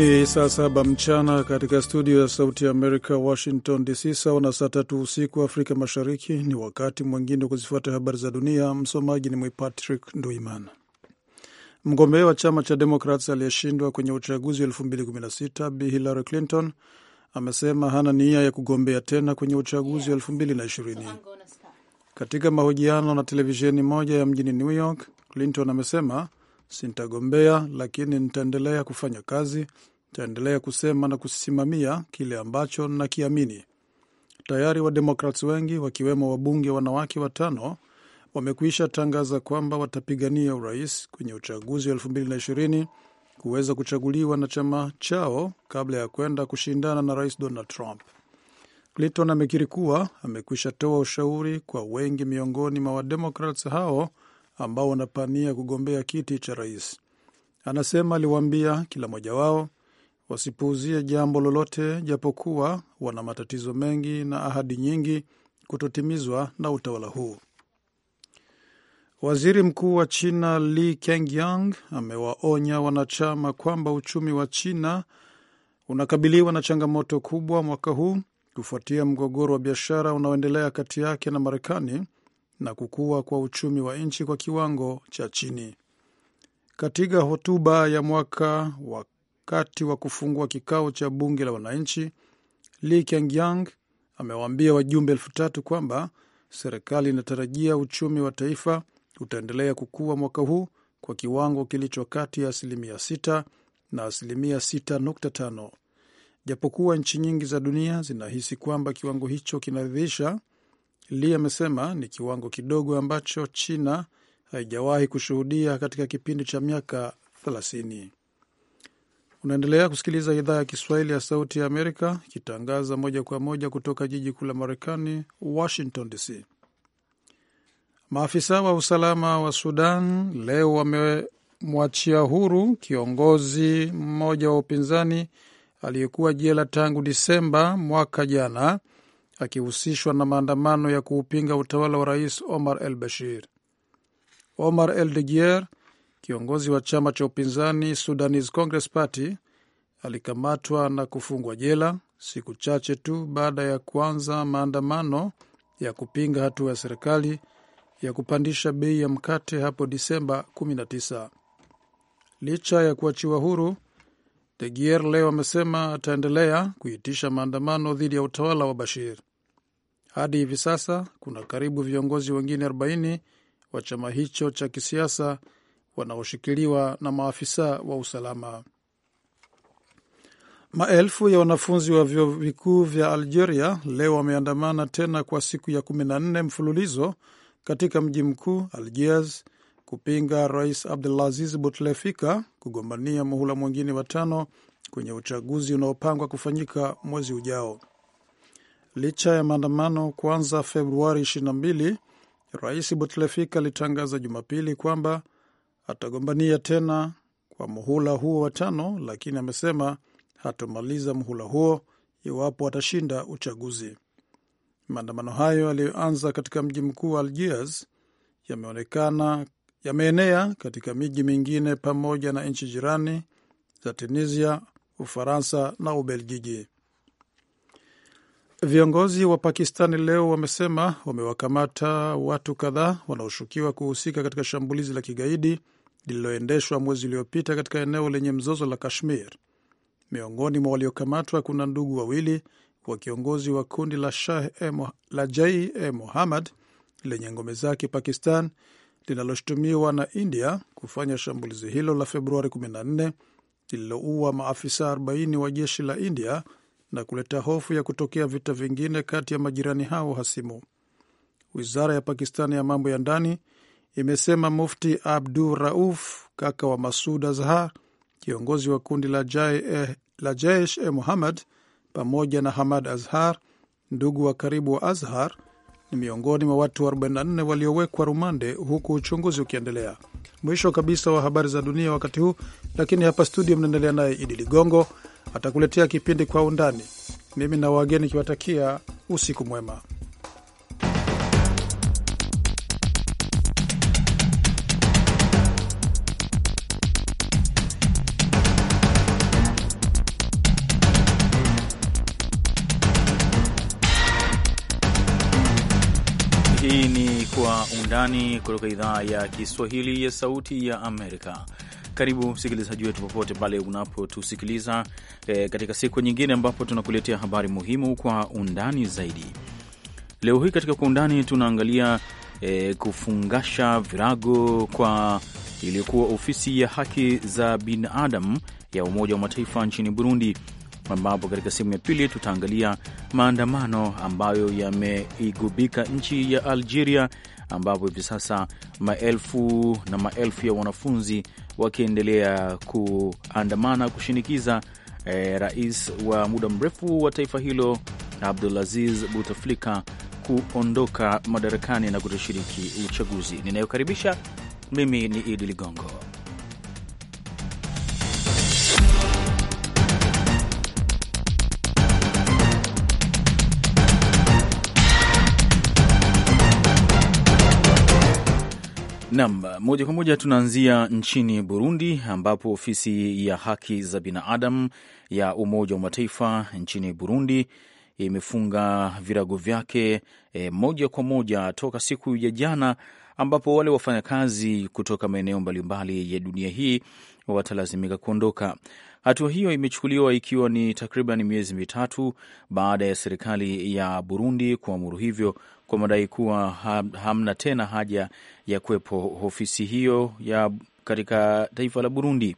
Ni saa saba mchana katika studio ya Sauti ya Amerika, Washington DC, sawa na saa tatu usiku Afrika Mashariki. Ni wakati mwingine wa kuzifuata habari za dunia. Msomaji ni mwi Patrick Nduiman. Mgombea wa chama cha Democrats aliyeshindwa kwenye uchaguzi wa 2016 Bi Hillary Clinton amesema hana nia ya kugombea tena kwenye uchaguzi wa 2020. Katika mahojiano na televisheni moja ya mjini New York, Clinton amesema Sintagombea, lakini nitaendelea kufanya kazi, nitaendelea kusema na kusimamia kile ambacho nakiamini. Tayari wademokrats wengi wakiwemo wabunge wanawake watano wamekwisha tangaza kwamba watapigania urais kwenye uchaguzi wa 2020 kuweza kuchaguliwa na chama chao kabla ya kwenda kushindana na rais Donald Trump. Clinton amekiri kuwa amekwisha toa ushauri kwa wengi miongoni mwa wademokrats hao ambao wanapania kugombea kiti cha rais. Anasema aliwaambia kila mmoja wao wasipuuzie jambo lolote, japokuwa wana matatizo mengi na ahadi nyingi kutotimizwa na utawala huu. Waziri mkuu wa China Li Kengyang amewaonya wanachama kwamba uchumi wa China unakabiliwa na changamoto kubwa mwaka huu kufuatia mgogoro wa biashara unaoendelea kati yake na Marekani na kukua kwa uchumi wa nchi kwa kiwango cha chini. Katika hotuba ya mwaka wakati wa kufungua kikao cha bunge la wananchi, Li Kengyang amewaambia wajumbe elfu tatu kwamba serikali inatarajia uchumi wa taifa utaendelea kukua mwaka huu kwa kiwango kilicho kati ya asilimia 6 na asilimia 6.5. Japokuwa nchi nyingi za dunia zinahisi kwamba kiwango hicho kinaridhisha, Li amesema ni kiwango kidogo ambacho China haijawahi kushuhudia katika kipindi cha miaka 30. Unaendelea kusikiliza idhaa ya Kiswahili ya Sauti ya Amerika ikitangaza moja kwa moja kutoka jiji kuu la Marekani, Washington DC. Maafisa wa usalama wa Sudan leo wamemwachia huru kiongozi mmoja wa upinzani aliyekuwa jela tangu Disemba mwaka jana akihusishwa na maandamano ya kuupinga utawala wa rais Omar El Bashir. Omar El Degier, kiongozi wa chama cha upinzani Sudanese Congress Party, alikamatwa na kufungwa jela siku chache tu baada ya kuanza maandamano ya kupinga hatua ya serikali ya kupandisha bei ya mkate hapo Disemba 19. Licha ya kuachiwa huru, Degier leo amesema ataendelea kuitisha maandamano dhidi ya utawala wa Bashir. Hadi hivi sasa kuna karibu viongozi wengine 40 wa chama hicho cha kisiasa wanaoshikiliwa na maafisa wa usalama. Maelfu ya wanafunzi wa vyuo vikuu vya Algeria leo wameandamana tena kwa siku ya 14 mfululizo katika mji mkuu Algiers kupinga Rais Abdelaziz butlefika kugombania muhula mwingine wa tano kwenye uchaguzi unaopangwa kufanyika mwezi ujao. Licha ya maandamano kuanza Februari 22, Rais butlefik alitangaza Jumapili kwamba atagombania tena kwa muhula huo wa tano, lakini amesema hatomaliza muhula huo iwapo atashinda uchaguzi. Maandamano hayo yaliyoanza katika mji mkuu wa Algiers yameonekana yameenea katika miji mingine pamoja na nchi jirani za Tunisia, Ufaransa na Ubelgiji. Viongozi wa Pakistani leo wamesema wamewakamata watu kadhaa wanaoshukiwa kuhusika katika shambulizi la kigaidi lililoendeshwa mwezi uliopita katika eneo lenye mzozo la Kashmir. Miongoni mwa waliokamatwa kuna ndugu wawili wa kiongozi wa kundi la Shah e la Jai e Muhammad lenye ngome zake Pakistan linaloshutumiwa na India kufanya shambulizi hilo la Februari 14 lililoua maafisa 40 wa jeshi la India na kuleta hofu ya kutokea vita vingine kati ya majirani hao hasimu. Wizara ya Pakistani ya mambo ya ndani imesema Mufti Abdu Rauf, kaka wa Masud Azhar, kiongozi wa kundi la, eh, la Jaish e eh, Muhammad, pamoja na Hamad Azhar, ndugu wa karibu wa Azhar, ni miongoni mwa watu 44 waliowekwa rumande huku uchunguzi ukiendelea. Mwisho kabisa wa habari za dunia wakati huu, lakini hapa studio mnaendelea naye Idi Ligongo atakuletea kipindi kwa undani. Mimi na wageni kiwatakia usiku mwema. Hii ni Kwa Undani kutoka idhaa ya Kiswahili ya Sauti ya Amerika. Karibu msikilizaji wetu popote pale unapotusikiliza e, katika siku nyingine ambapo tunakuletea habari muhimu kwa undani zaidi. Leo hii katika kwa undani tunaangalia e, kufungasha virago kwa iliyokuwa ofisi ya haki za binadamu ya Umoja wa Mataifa nchini Burundi ambapo katika sehemu ya pili tutaangalia maandamano ambayo yameigubika nchi ya Algeria, ambapo hivi sasa maelfu na maelfu ya wanafunzi wakiendelea kuandamana kushinikiza eh, rais wa muda mrefu wa taifa hilo Abdulaziz buteflika kuondoka madarakani na kutoshiriki uchaguzi. Ninayokaribisha mimi ni Idi Ligongo. Nam, moja kwa moja tunaanzia nchini Burundi, ambapo ofisi ya haki za binadamu ya Umoja wa Mataifa nchini Burundi imefunga virago vyake e, moja kwa moja toka siku ya jana, ambapo wale wafanyakazi kutoka maeneo mbalimbali ya dunia hii watalazimika kuondoka. Hatua hiyo imechukuliwa ikiwa ni takriban miezi mitatu baada ya serikali ya Burundi kuamuru hivyo kwa madai kuwa hamna tena haja ya kuwepo ofisi hiyo ya katika taifa la Burundi.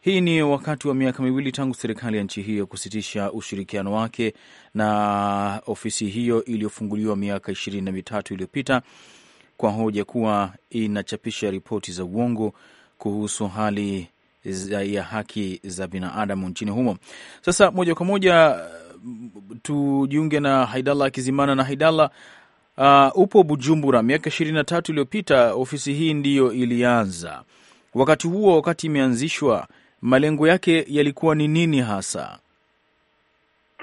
Hii ni wakati wa miaka miwili tangu serikali ya nchi hiyo kusitisha ushirikiano wake na ofisi hiyo iliyofunguliwa miaka ishirini na mitatu iliyopita kwa hoja kuwa inachapisha ripoti za uongo kuhusu hali ya haki za binadamu nchini humo. Sasa moja kwa moja tujiunge na Haidala Kizimana. Na haidala uh, upo Bujumbura. Miaka ishirini na tatu iliyopita ofisi hii ndiyo ilianza. Wakati huo, wakati imeanzishwa, malengo yake yalikuwa ni nini hasa?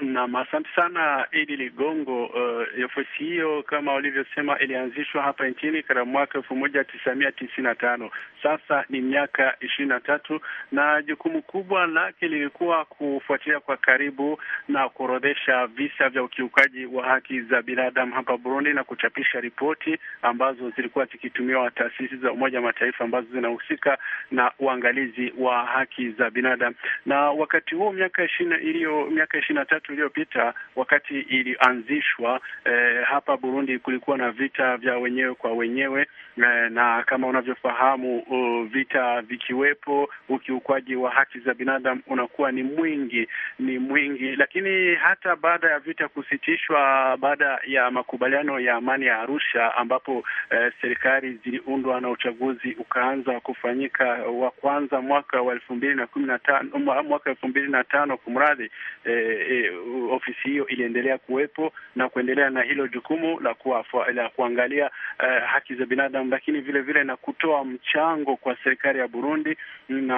Nam, asante sana Idi Ligongo. Uh, ofisi hiyo kama walivyosema ilianzishwa hapa nchini katika mwaka elfu moja tisa mia tisini na tano. Sasa ni miaka ishirini na tatu na jukumu kubwa lake lilikuwa kufuatilia kwa karibu na kuorodhesha visa vya ukiukaji wa haki za binadamu hapa Burundi na kuchapisha ripoti ambazo zilikuwa zikitumiwa taasisi za Umoja wa Mataifa ambazo zinahusika na uangalizi wa haki za binadamu, na wakati huo miaka ishirini iliyo miaka ishirini na tatu tatu iliyopita, wakati ilianzishwa eh, hapa Burundi kulikuwa na vita vya wenyewe kwa wenyewe eh, na kama unavyofahamu uh, vita vikiwepo, ukiukwaji wa haki za binadamu unakuwa ni mwingi, ni mwingi. Lakini hata baada ya vita kusitishwa, baada ya makubaliano ya amani ya Arusha ambapo eh, serikali ziliundwa na uchaguzi ukaanza kufanyika wa kwanza mwaka wa elfu mbili na kumi na tano mwaka elfu mbili na tano kumradhi, eh, eh, Eh, ofisi hiyo iliendelea kuwepo na kuendelea na hilo jukumu la, kuafua, la kuangalia uh, haki za binadamu, lakini vile vile na kutoa mchango kwa serikali ya Burundi na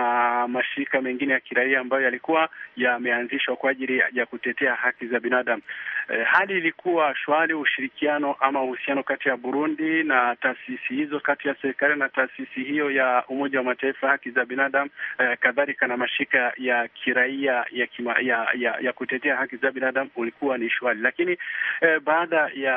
mashirika mengine ya kiraia ambayo yalikuwa yameanzishwa kwa ajili ya kutetea haki za binadamu. E, hali ilikuwa shwari. Ushirikiano ama uhusiano kati ya Burundi na taasisi hizo, kati ya serikali na taasisi hiyo ya Umoja wa Mataifa haki za binadamu, e, kadhalika na mashirika ya kiraia ya, kima, ya, ya, ya kutetea haki za binadamu ulikuwa ni shwari, lakini e, baada ya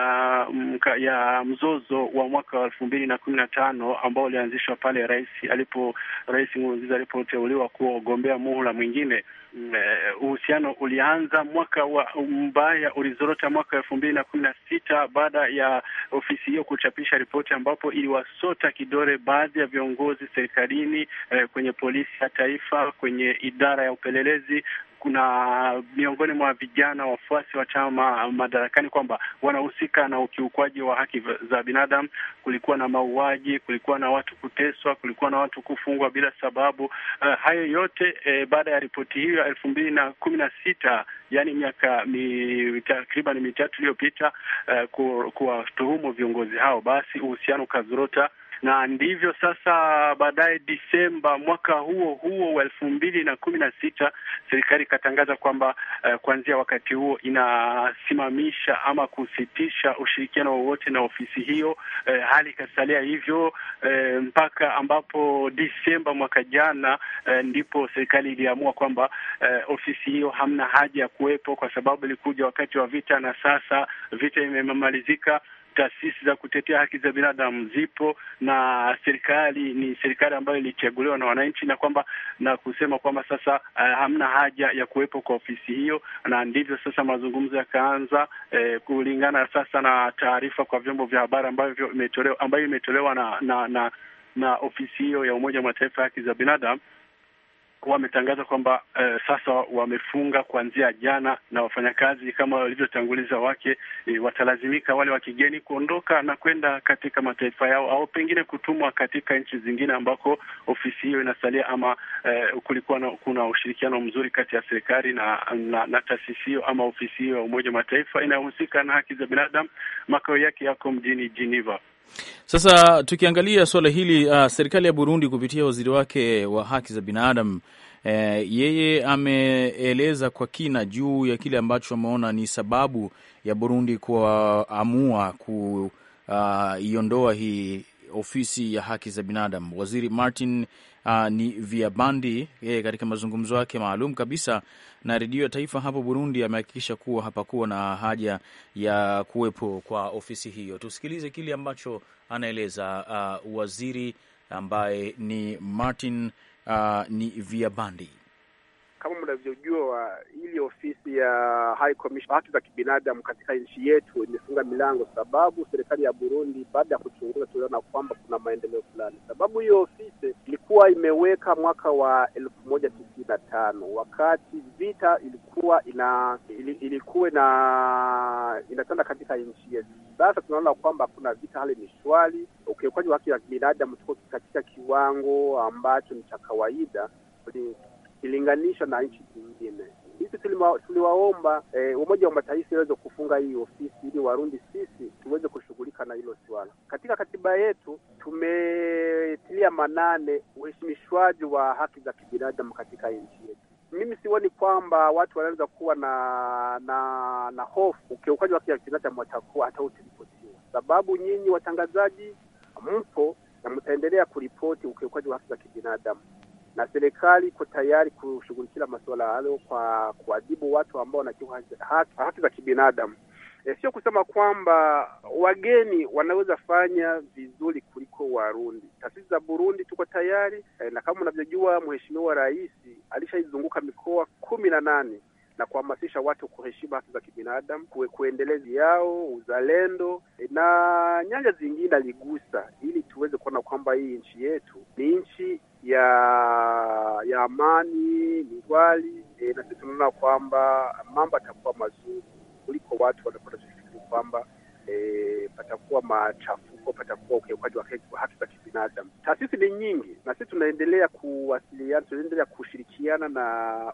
mka, ya mzozo wa mwaka wa elfu mbili na kumi na tano ambao ulianzishwa pale rais alipo rais Nkurunziza alipoteuliwa kuwa ugombea muhula mwingine Mm, eh, uhusiano ulianza mwaka wa mbaya ulizorota mwaka elfu mbili na kumi na sita baada ya ofisi hiyo kuchapisha ripoti ambapo iliwasota kidore baadhi ya viongozi serikalini, eh, kwenye polisi ya taifa, kwenye idara ya upelelezi kuna miongoni mwa vijana wafuasi wa chama madarakani kwamba wanahusika na ukiukwaji wa haki za binadamu. Kulikuwa na mauaji, kulikuwa na watu kuteswa, kulikuwa na watu kufungwa bila sababu. Uh, hayo yote eh, baada ya ripoti hiyo ya elfu mbili na kumi na sita yaani miaka mi, takriban mitatu iliyopita, uh, kuwatuhumu viongozi hao, basi uhusiano ukazorota na ndivyo sasa, baadaye Disemba mwaka huo huo wa elfu mbili na kumi na sita serikali ikatangaza kwamba uh, kuanzia wakati huo inasimamisha ama kusitisha ushirikiano wowote na ofisi hiyo. Uh, hali ikasalia hivyo uh, mpaka ambapo Disemba mwaka jana uh, ndipo serikali iliamua kwamba uh, ofisi hiyo hamna haja ya kuwepo kwa sababu ilikuja wakati wa vita na sasa vita imemalizika taasisi za kutetea haki za binadamu zipo na serikali ni serikali ambayo ilichaguliwa na wananchi, na kwamba na kusema kwamba sasa uh, hamna haja ya kuwepo kwa ofisi hiyo, na ndivyo sasa mazungumzo yakaanza, eh, kulingana sasa na taarifa kwa vyombo vya habari ambayo imetolewa na, na, na, na ofisi hiyo ya Umoja wa Mataifa ya haki za binadamu wametangaza kwamba eh, sasa wamefunga kuanzia jana, na wafanyakazi kama walivyotanguliza wake eh, watalazimika wale wa kigeni kuondoka na kwenda katika mataifa yao au pengine kutumwa katika nchi zingine ambako ofisi hiyo inasalia ama eh, kulikuwa na, kuna ushirikiano mzuri kati ya serikali na, na, na taasisi hiyo ama ofisi hiyo ya Umoja wa Mataifa inayohusika na haki za binadamu. Makao yake yako mjini Geneva. Sasa tukiangalia suala hili uh, serikali ya Burundi kupitia waziri wake wa haki za binadamu e, yeye ameeleza kwa kina juu ya kile ambacho ameona ni sababu ya Burundi kuamua kuiondoa uh, hii ofisi ya haki za binadamu, waziri Martin uh, ni Viabandi, eh, katika mazungumzo yake maalum kabisa na redio ya taifa hapo Burundi amehakikisha kuwa hapakuwa na haja ya kuwepo kwa ofisi hiyo. Tusikilize kile ambacho anaeleza uh, waziri ambaye ni Martin uh, ni Viabandi. Kama mnavyojua, ili ofisi ya High Commission haki za kibinadamu katika nchi yetu imefunga milango, sababu serikali ya Burundi baada ya kuchunguza tuliona kwamba kuna maendeleo fulani. Sababu hiyo ofisi ilikuwa imeweka mwaka wa elfu moja tisini na tano wakati vita ilikuwa ina ilikuwa na inatanda katika nchi yetu. Sasa tunaona kwamba kuna vita, hali ni shwari, ukiukaji wa haki za kibinadamu tuko katika kiwango ambacho ni cha kawaida ikilinganishwa na nchi zingine. Sisi tuliwaomba eh, Umoja wa Mataifa iweze kufunga hii ofisi ili Warundi sisi tuweze kushughulika na hilo swala. Katika katiba yetu tumetilia manane uheshimishwaji wa haki za kibinadamu katika nchi yetu. Mimi sioni kwamba watu wanaweza kuwa na na na hofu ukiukaji wa haki za kibinadamu watakuwa hata utiripotiwa, sababu nyinyi watangazaji mpo na mtaendelea kuripoti ukiukaji wa haki za kibinadamu na serikali iko tayari kushughulikia masuala hayo kwa kuadhibu watu ambao wanakiuka haki, haki za kibinadamu. E, sio kusema kwamba wageni wanaweza fanya vizuri kuliko Warundi. Taasisi za Burundi tuko tayari e, na kama unavyojua Mheshimiwa Rais alishaizunguka mikoa kumi na nane na kuhamasisha watu kuheshimu haki za kibinadamu, kuendelezi yao, uzalendo eh, na nyanja zingine aligusa, ili tuweze kuona kwamba hii nchi yetu ni nchi ya ya amani ni e, eh, na sisi tunaona kwamba mambo atakuwa mazuri kuliko watu wanapata kwamba e, patakuwa machafuko, patakuwa ukiukaji wa haki za kibinadamu. Taasisi ni nyingi, na sisi tunaendelea kuwasiliana, tunaendelea kushirikiana na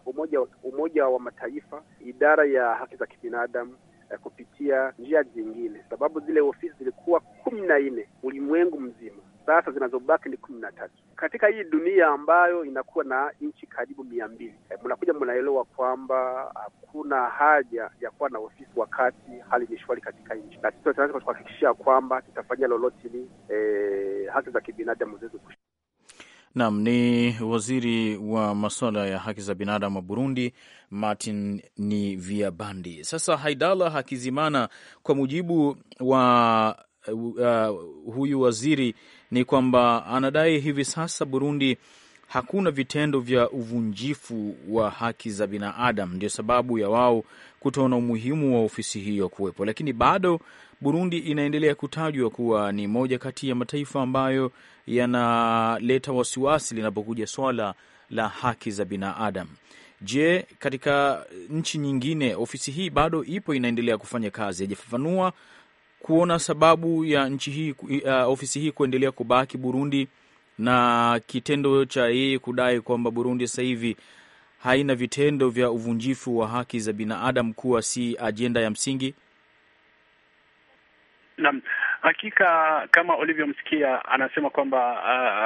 Umoja, Umoja wa Mataifa, idara ya haki za kibinadamu eh, kupitia njia zingine, sababu zile ofisi zilikuwa kumi na nne ulimwengu mzima sasa zinazobaki ni kumi na tatu katika hii dunia ambayo inakuwa na nchi karibu mia mbili. Eh, mnakuja mnaelewa kwamba hakuna haja ya kuwa na ofisi wakati hali ni shwari katika nchi, na sisi tunaweza kuhakikishia kwamba tutafanya lolote ni e, eh, haki za kibinadamu ziweze Nam ni waziri wa masuala ya haki za binadamu wa Burundi, Martin ni Viabandi. Sasa Haidala Hakizimana, kwa mujibu wa uh, uh huyu waziri ni kwamba anadai hivi sasa Burundi hakuna vitendo vya uvunjifu wa haki za binadamu, ndio sababu ya wao kutoona umuhimu wa ofisi hiyo kuwepo, lakini bado Burundi inaendelea kutajwa kuwa ni moja kati ya mataifa ambayo yanaleta wasiwasi linapokuja swala la haki za binadamu. Je, katika nchi nyingine ofisi hii bado ipo inaendelea kufanya kazi? Hajafafanua kuona sababu ya nchi hii uh, ofisi hii kuendelea kubaki Burundi na kitendo cha yeye kudai kwamba Burundi sasa hivi haina vitendo vya uvunjifu wa haki za binadamu kuwa si ajenda ya msingi? Naam. Hakika kama ulivyomsikia anasema kwamba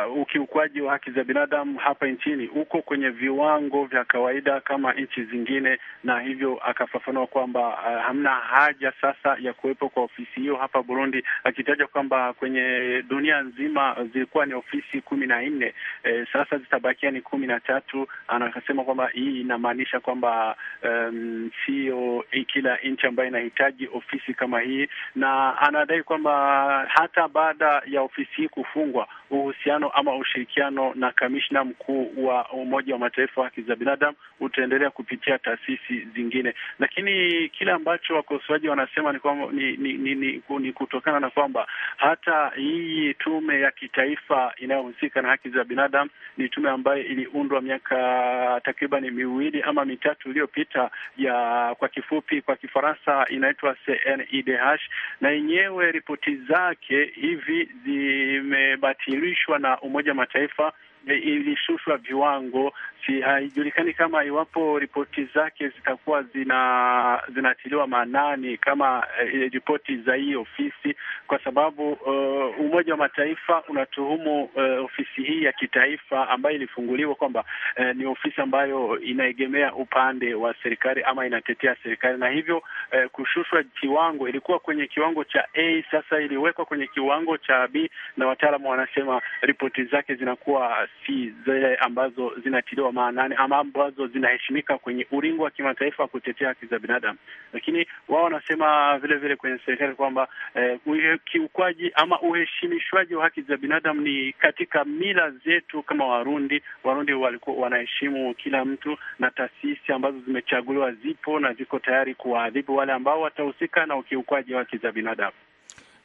uh, ukiukwaji wa haki za binadamu hapa nchini uko kwenye viwango vya kawaida kama nchi zingine, na hivyo akafafanua kwamba uh, hamna haja sasa ya kuwepo kwa ofisi hiyo hapa Burundi, akitaja kwamba kwenye dunia nzima zilikuwa ni ofisi kumi na nne, eh, sasa zitabakia ni kumi na tatu. Anasema kwamba hii inamaanisha kwamba um, sio kila nchi ambayo inahitaji ofisi kama hii, na anadai kwamba hata baada ya ofisi hii kufungwa, uhusiano ama ushirikiano na kamishna mkuu wa Umoja wa Mataifa haki za binadamu utaendelea kupitia taasisi zingine, lakini kile ambacho wakosoaji wanasema ni, kwa, ni, ni, ni, ni, ni kutokana na kwamba hata hii tume ya kitaifa inayohusika na haki za binadamu ni tume ambayo iliundwa miaka takriban miwili ama mitatu iliyopita, ya kwa kifupi, kwa Kifaransa inaitwa CNIDH, na yenyewe ripoti zake hivi zimebatilishwa na Umoja wa Mataifa Eh, ilishushwa viwango. Si haijulikani kama iwapo ripoti zake zitakuwa zina zinatiliwa maanani kama e, ripoti za hii ofisi, kwa sababu uh, Umoja wa Mataifa unatuhumu uh, ofisi hii ya kitaifa ambayo ilifunguliwa kwamba uh, ni ofisi ambayo inaegemea upande wa serikali ama inatetea serikali, na hivyo uh, kushushwa kiwango, ilikuwa kwenye kiwango cha A, sasa iliwekwa kwenye kiwango cha B, na wataalamu wanasema ripoti zake zinakuwa si zile ambazo zinatiliwa maanani ama ambazo zinaheshimika kwenye ulingo wa kimataifa wa kutetea haki za binadamu. Lakini wao wanasema vile vile kwenye serikali kwamba eh, kiukwaji ama uheshimishwaji wa haki za binadamu ni katika mila zetu kama Warundi. Warundi walikuwa wanaheshimu kila mtu, na taasisi ambazo zimechaguliwa zipo na ziko tayari kuwaadhibu wale ambao watahusika na ukiukwaji wa haki za binadamu.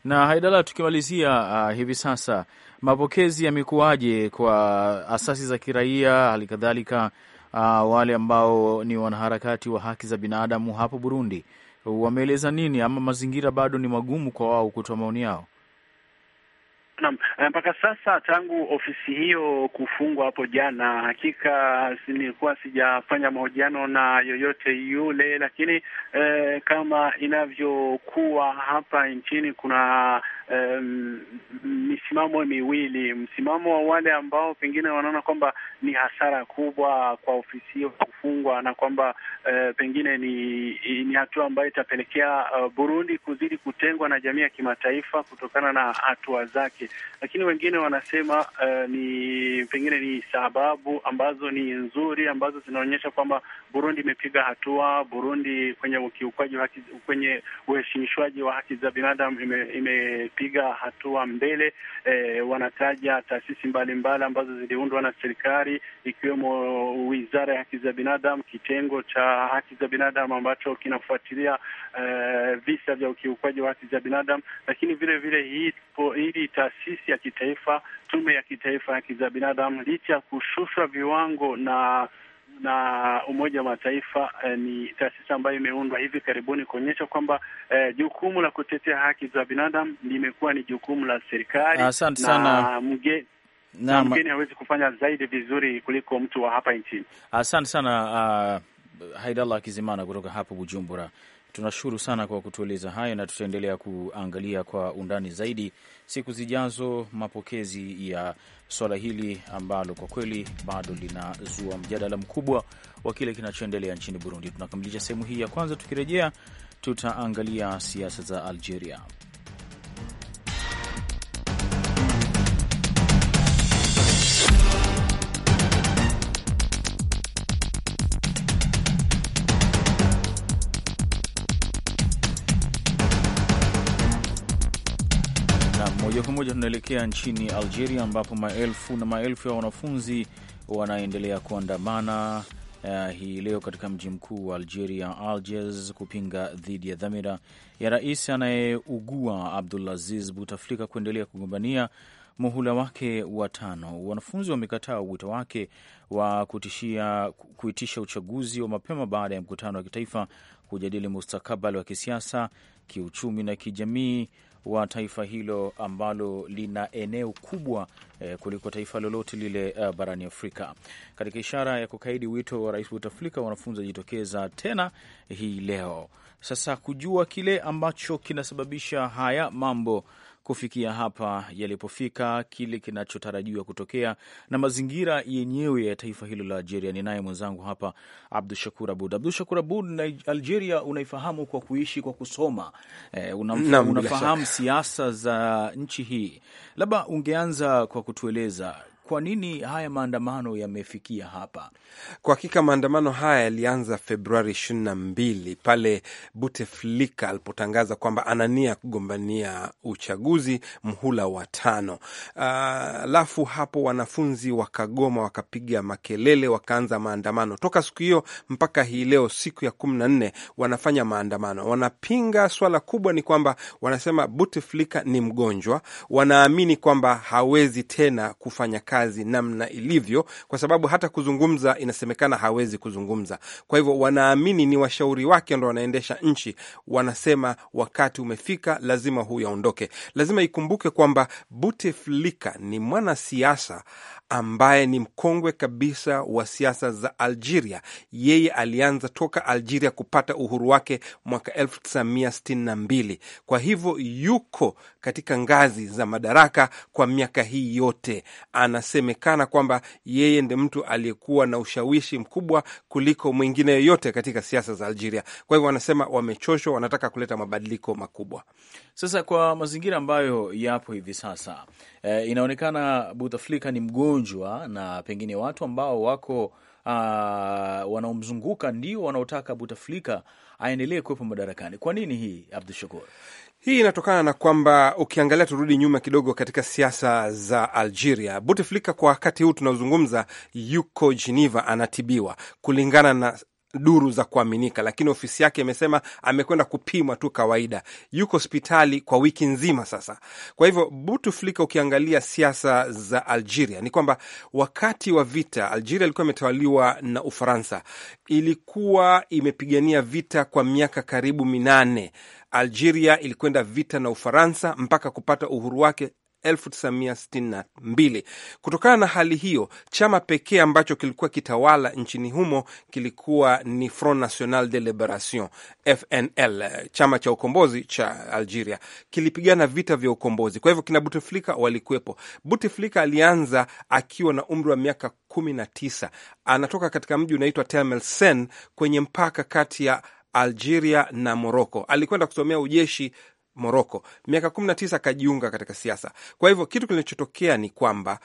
Na Haidala, tukimalizia uh, hivi sasa mapokezi yamekuwaje kwa asasi za kiraia, hali kadhalika uh, wale ambao ni wanaharakati wa haki za binadamu hapo Burundi wameeleza nini, ama mazingira bado ni magumu kwa wao kutoa maoni yao? Naam, eh, mpaka sasa tangu ofisi hiyo kufungwa hapo jana, hakika nilikuwa sijafanya mahojiano na yoyote yule, lakini eh, kama inavyokuwa hapa nchini kuna um, misimamo miwili, msimamo wa wale ambao pengine wanaona kwamba ni hasara kubwa kwa ofisi hiyo kufungwa na kwamba uh, pengine ni, ni hatua ambayo itapelekea uh, Burundi kuzidi kutengwa na jamii ya kimataifa kutokana na hatua zake, lakini wengine wanasema uh, ni pengine ni sababu ambazo ni nzuri ambazo zinaonyesha kwamba Burundi imepiga hatua, Burundi kwenye ukiukwaji wa haki, kwenye uheshimishwaji wa haki za binadamu ime, ime kupiga hatua mbele. E, wanataja taasisi mbalimbali ambazo ziliundwa na serikali ikiwemo wizara ya haki za binadamu, kitengo cha haki za binadamu ambacho kinafuatilia e, visa vya ukiukwaji wa haki za binadamu, lakini vile vile hii hili taasisi ya kitaifa, tume ya kitaifa ya haki za binadamu, licha ya kushushwa viwango na na Umoja wa Mataifa eh, ni taasisi ambayo imeundwa hivi karibuni kuonyesha kwamba eh, jukumu la kutetea haki za binadamu limekuwa ni jukumu la serikali. Asante sana mge na mgeni hawezi kufanya zaidi vizuri kuliko mtu wa hapa nchini. Asante sana uh, Haidallah Kizimana kutoka hapo Bujumbura. Tunashukuru sana kwa kutueleza hayo na tutaendelea kuangalia kwa undani zaidi siku zijazo mapokezi ya swala hili ambalo kwa kweli bado linazua mjadala mkubwa wa kile kinachoendelea nchini Burundi. Tunakamilisha sehemu hii ya kwanza, tukirejea tutaangalia siasa za Algeria. tunaelekea nchini Algeria ambapo maelfu na maelfu ya wanafunzi wanaendelea kuandamana Uh, hii leo katika mji mkuu wa Algeria Algiers, kupinga dhidi ya dhamira ya rais anayeugua Abdulaziz Butaflika kuendelea kugombania muhula wake wa tano. Wanafunzi wamekataa wito wake wa kutishia kuitisha uchaguzi wa mapema baada ya mkutano wa kitaifa kujadili mustakabali wa kisiasa, kiuchumi na kijamii wa taifa hilo ambalo lina eneo kubwa eh, kuliko taifa lolote lile uh, barani Afrika. Katika ishara ya kukaidi wito wa rais Bouteflika, wanafunzi wajitokeza tena hii leo sasa kujua kile ambacho kinasababisha haya mambo kufikia hapa yalipofika, kile kinachotarajiwa kutokea na mazingira yenyewe ya taifa hilo la Algeria. Ninaye mwenzangu hapa Abdu Shakur Abud. Abdu Shakur Abud, Algeria unaifahamu kwa kuishi, kwa kusoma, eh, unafahamu siasa za nchi hii, labda ungeanza kwa kutueleza kwa nini haya maandamano yamefikia hapa? Kwa hakika maandamano haya yalianza Februari ishirini na mbili pale Buteflika alipotangaza kwamba anania kugombania uchaguzi mhula wa tano. Ah, alafu uh, hapo wanafunzi wakagoma, wakapiga makelele, wakaanza maandamano toka siku hiyo mpaka hii leo, siku ya kumi na nne wanafanya maandamano, wanapinga swala kubwa ni kwamba wanasema Buteflika ni mgonjwa, wanaamini kwamba hawezi tena kufanya kazi kazi namna ilivyo, kwa sababu hata kuzungumza inasemekana hawezi kuzungumza. Kwa hivyo wanaamini ni washauri wake ndo wanaendesha nchi, wanasema wakati umefika, lazima huyu aondoke. Lazima ikumbuke kwamba Buteflika ni mwanasiasa ambaye ni mkongwe kabisa wa siasa za Algeria. Yeye alianza toka Algeria kupata uhuru wake mwaka 1962 kwa hivyo yuko katika ngazi za madaraka kwa miaka hii yote. Anasemekana kwamba yeye ndi mtu aliyekuwa na ushawishi mkubwa kuliko mwingine yoyote katika siasa za Algeria. Kwa hivyo wanasema wamechoshwa, wanataka kuleta mabadiliko makubwa. Sasa kwa mazingira ambayo yapo hivi sasa e, inaonekana Bouteflika ni mgonjwa na pengine watu ambao wako ah, wanaomzunguka ndio wanaotaka Bouteflika aendelee kuwepo madarakani. Kwa nini hii, Abdu Shakur? Hii inatokana na kwamba ukiangalia, turudi nyuma kidogo katika siasa za Algeria. Bouteflika kwa wakati huu tunaozungumza yuko Geneva, anatibiwa kulingana na duru za kuaminika, lakini ofisi yake imesema amekwenda kupimwa tu kawaida. Yuko hospitali kwa wiki nzima sasa. Kwa hivyo, Buteflika, ukiangalia siasa za Algeria ni kwamba wakati wa vita Algeria ilikuwa imetawaliwa na Ufaransa, ilikuwa imepigania vita kwa miaka karibu minane. Algeria ilikwenda vita na Ufaransa mpaka kupata uhuru wake 1962. Kutokana na hali hiyo, chama pekee ambacho kilikuwa kitawala nchini humo kilikuwa ni Front National de Liberation, FNL, chama cha ukombozi cha Algeria. Kilipigana vita vya ukombozi, kwa hivyo kina Buteflika walikuwepo. Buteflika alianza akiwa na umri wa miaka 19. Anatoka katika mji unaitwa Tlemcen kwenye mpaka kati ya Algeria na Moroko. Alikwenda kusomea ujeshi Moroko. Miaka tisa akajiunga katika siasa. Kwa hivyo kitu kinachotokea ni kwamba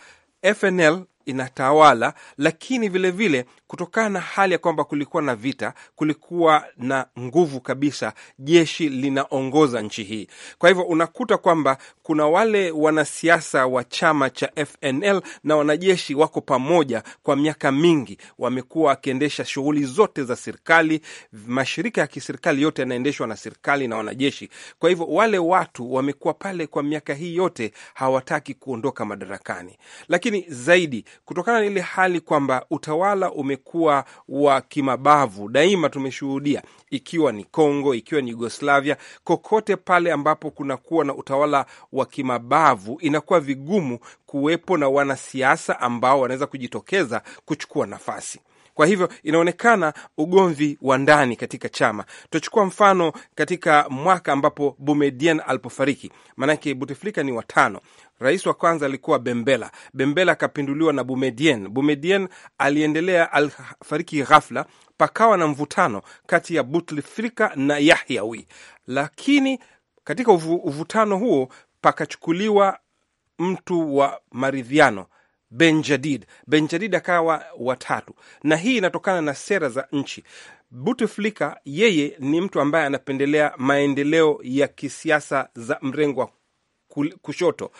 FNL inatawala, lakini vilevile vile, kutokana na hali ya kwamba kulikuwa na vita, kulikuwa na nguvu kabisa, jeshi linaongoza nchi hii. Kwa hivyo unakuta kwamba kuna wale wanasiasa wa chama cha FNL na wanajeshi wako pamoja kwa miaka mingi, wamekuwa wakiendesha shughuli zote za serikali. Mashirika ya kiserikali yote yanaendeshwa na serikali na wanajeshi. Kwa hivyo wale watu wamekuwa pale kwa miaka hii yote, hawataki kuondoka madarakani, lakini zaidi kutokana na ile hali kwamba utawala umekuwa wa kimabavu daima. Tumeshuhudia ikiwa ni Kongo, ikiwa ni Yugoslavia, kokote pale ambapo kunakuwa na utawala wa kimabavu inakuwa vigumu kuwepo na wanasiasa ambao wanaweza kujitokeza kuchukua nafasi. Kwa hivyo inaonekana ugomvi wa ndani katika chama. Tutachukua mfano katika mwaka ambapo bumedien alipofariki, maanake buteflika ni watano Rais wa kwanza alikuwa Bembela. Bembela akapinduliwa na Bumedien. Bumedien aliendelea, alifariki ghafla, pakawa na mvutano kati ya Butlifrika na Yahyawi, lakini katika uvutano huo pakachukuliwa mtu wa maridhiano Benjadid. Benjadid akawa watatu, na hii inatokana na sera za nchi. buteflika yeye ni mtu ambaye anapendelea maendeleo ya kisiasa za mrengo wa kushoto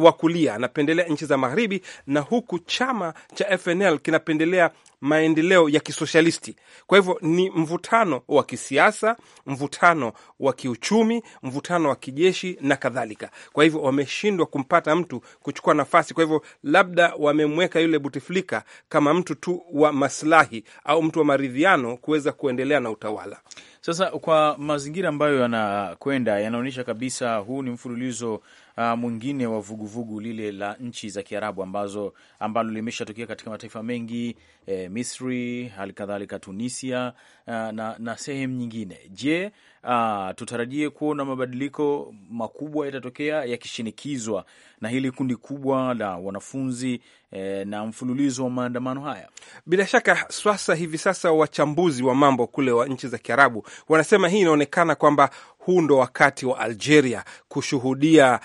wa kulia anapendelea nchi za magharibi, na huku chama cha FNL kinapendelea maendeleo ya kisoshalisti. Kwa hivyo ni mvutano wa kisiasa, mvutano wa kiuchumi, mvutano wa kijeshi na kadhalika. Kwa hivyo wameshindwa kumpata mtu kuchukua nafasi. Kwa hivyo labda wamemweka yule Butiflika kama mtu tu wa maslahi au mtu wa maridhiano kuweza kuendelea na utawala. Sasa kwa mazingira ambayo yanakwenda yanaonyesha kabisa huu ni mfululizo uh, mwingine wa vuguvugu vugu lile la nchi za Kiarabu ambazo ambalo limeshatokea katika mataifa mengi eh, Misri, kadhalika Tunisia uh, na, na sehemu nyingine. Je, uh, tutarajie kuona mabadiliko makubwa yatatokea yakishinikizwa na hili kundi kubwa la wanafunzi eh, na mfululizo wa maandamano haya? Bila shaka sasa hivi sasa wachambuzi wa mambo kule wa nchi za Kiarabu wanasema hii inaonekana kwamba huu ndo wakati wa Algeria kushuhudia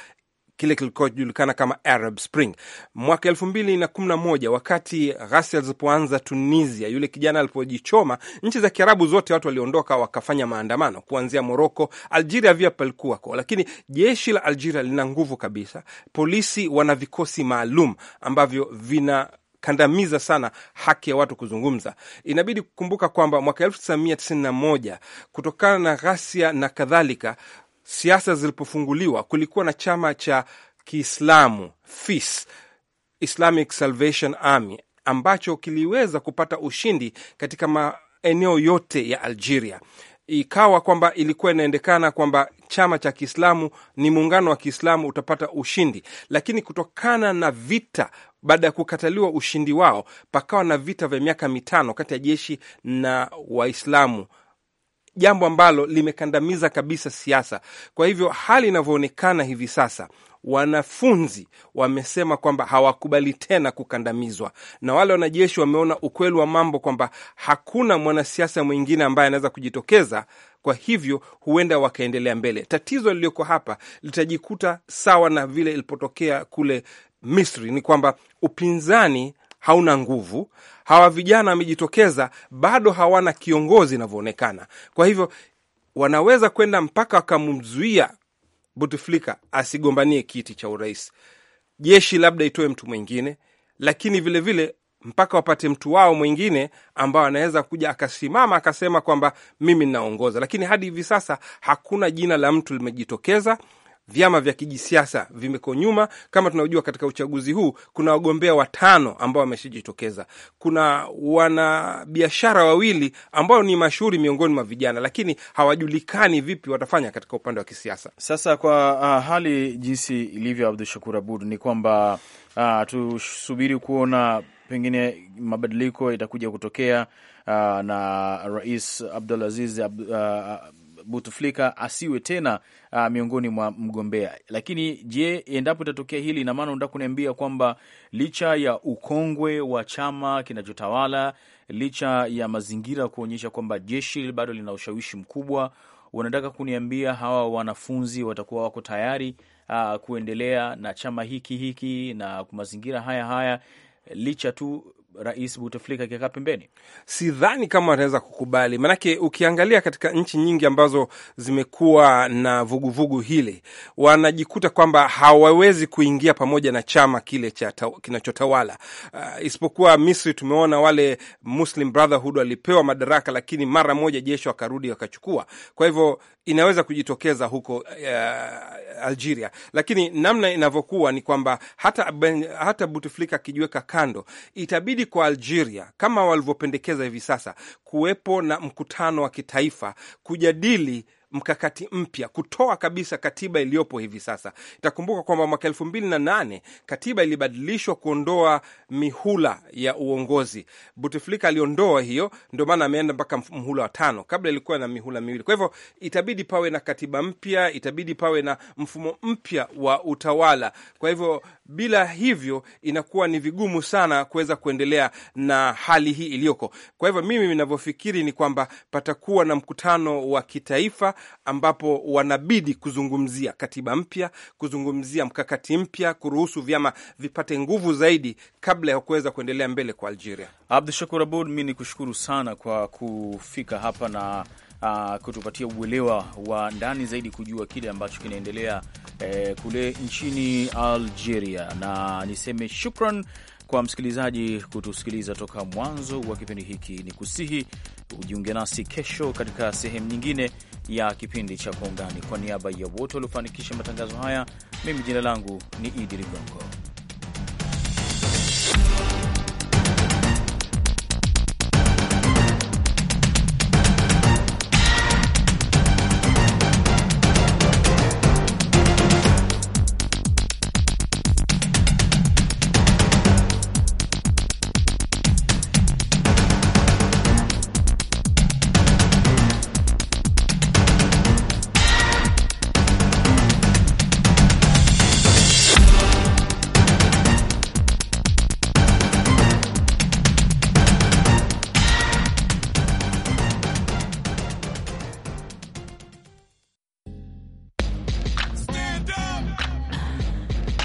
kile kilikojulikana kama Arab Spring mwaka elfu mbili na kumi na moja wakati ghasia zilipoanza Tunisia, yule kijana alipojichoma. Nchi za Kiarabu zote watu waliondoka wakafanya maandamano kuanzia Moroko, Algeria via palikuwako, lakini jeshi la Algeria lina nguvu kabisa. Polisi wana vikosi maalum ambavyo vina kandamiza sana haki ya watu kuzungumza. Inabidi kukumbuka kwamba mwaka 1991 kutokana na ghasia na kadhalika, siasa zilipofunguliwa kulikuwa na chama cha Kiislamu FIS, Islamic Salvation Army, ambacho kiliweza kupata ushindi katika maeneo yote ya Algeria. Ikawa kwamba ilikuwa inaendekana kwamba chama cha Kiislamu ni muungano wa Kiislamu utapata ushindi, lakini kutokana na vita baada ya kukataliwa ushindi wao, pakawa na vita vya miaka mitano kati ya jeshi na Waislamu jambo ambalo limekandamiza kabisa siasa. Kwa hivyo hali inavyoonekana hivi sasa wanafunzi wamesema kwamba hawakubali tena kukandamizwa, na wale wanajeshi wameona ukweli wa mambo kwamba hakuna mwanasiasa mwingine ambaye anaweza kujitokeza. Kwa hivyo huenda wakaendelea mbele. Tatizo liliyoko hapa litajikuta sawa na vile ilipotokea kule Misri, ni kwamba upinzani hauna nguvu. Hawa vijana wamejitokeza, bado hawana kiongozi inavyoonekana. Kwa hivyo wanaweza kwenda mpaka wakamzuia buteflika asigombanie kiti cha urais, jeshi labda itoe mtu mwingine, lakini vilevile vile, mpaka wapate mtu wao mwingine ambao anaweza kuja akasimama akasema kwamba mimi ninaongoza. Lakini hadi hivi sasa hakuna jina la mtu limejitokeza vyama vya kijisiasa vimeko nyuma. Kama tunavyojua, katika uchaguzi huu kuna wagombea watano ambao wameshajitokeza. Kuna wanabiashara wawili ambao ni mashuhuri miongoni mwa vijana, lakini hawajulikani vipi watafanya katika upande wa kisiasa. Sasa kwa uh, hali jinsi ilivyo, Abdu Shakur Abud, ni kwamba uh, tusubiri kuona pengine mabadiliko itakuja kutokea uh, na Rais Abdulaziz Abdu, uh, Butuflika asiwe tena uh, miongoni mwa mgombea. Lakini je, endapo itatokea hili, ina maana unataka kuniambia kwamba licha ya ukongwe wa chama kinachotawala, licha ya mazingira kuonyesha kwamba jeshi bado lina ushawishi mkubwa, unataka kuniambia hawa wanafunzi watakuwa wako tayari uh, kuendelea na chama hiki hiki na mazingira haya haya licha tu Rais Bouteflika akikaa pembeni? Sidhani kama wanaweza kukubali, maanake ukiangalia katika nchi nyingi ambazo zimekuwa na vuguvugu hili wanajikuta kwamba hawawezi kuingia pamoja na chama kile kinachotawala. Uh, isipokuwa Misri tumeona wale Muslim Brotherhood walipewa madaraka, lakini mara moja jeshi wakarudi wakachukua. Kwa hivyo inaweza kujitokeza huko uh, Algeria, lakini namna inavyokuwa ni kwamba hata, hata Bouteflika akijiweka kando itabidi kurudi kwa Algeria kama walivyopendekeza hivi sasa, kuwepo na mkutano wa kitaifa kujadili mkakati mpya kutoa kabisa katiba iliyopo hivi sasa. Itakumbuka kwamba mwaka elfu mbili na nane katiba ilibadilishwa kuondoa mihula ya uongozi. Bouteflika aliondoa hiyo, ndio maana ameenda mpaka mhula wa tano. Kabla ilikuwa na mihula miwili. Kwa hivyo itabidi pawe na katiba mpya, itabidi pawe na mfumo mpya wa utawala. Kwa hivyo bila hivyo inakuwa ni vigumu sana kuweza kuendelea na hali hii iliyoko. Kwa hivyo mimi ninavyofikiri ni kwamba patakuwa na mkutano wa kitaifa ambapo wanabidi kuzungumzia katiba mpya, kuzungumzia mkakati mpya, kuruhusu vyama vipate nguvu zaidi kabla ya kuweza kuendelea mbele kwa Algeria. Abdu Shakur Abud, mi ni kushukuru sana kwa kufika hapa na Uh, kutupatia uelewa wa ndani zaidi kujua kile ambacho kinaendelea eh, kule nchini Algeria, na niseme shukran kwa msikilizaji kutusikiliza toka mwanzo wa kipindi hiki, ni kusihi ujiunge nasi kesho katika sehemu nyingine ya kipindi cha Kwa Undani. Kwa niaba ya wote waliofanikisha matangazo haya, mimi jina langu ni Idi Ligongo.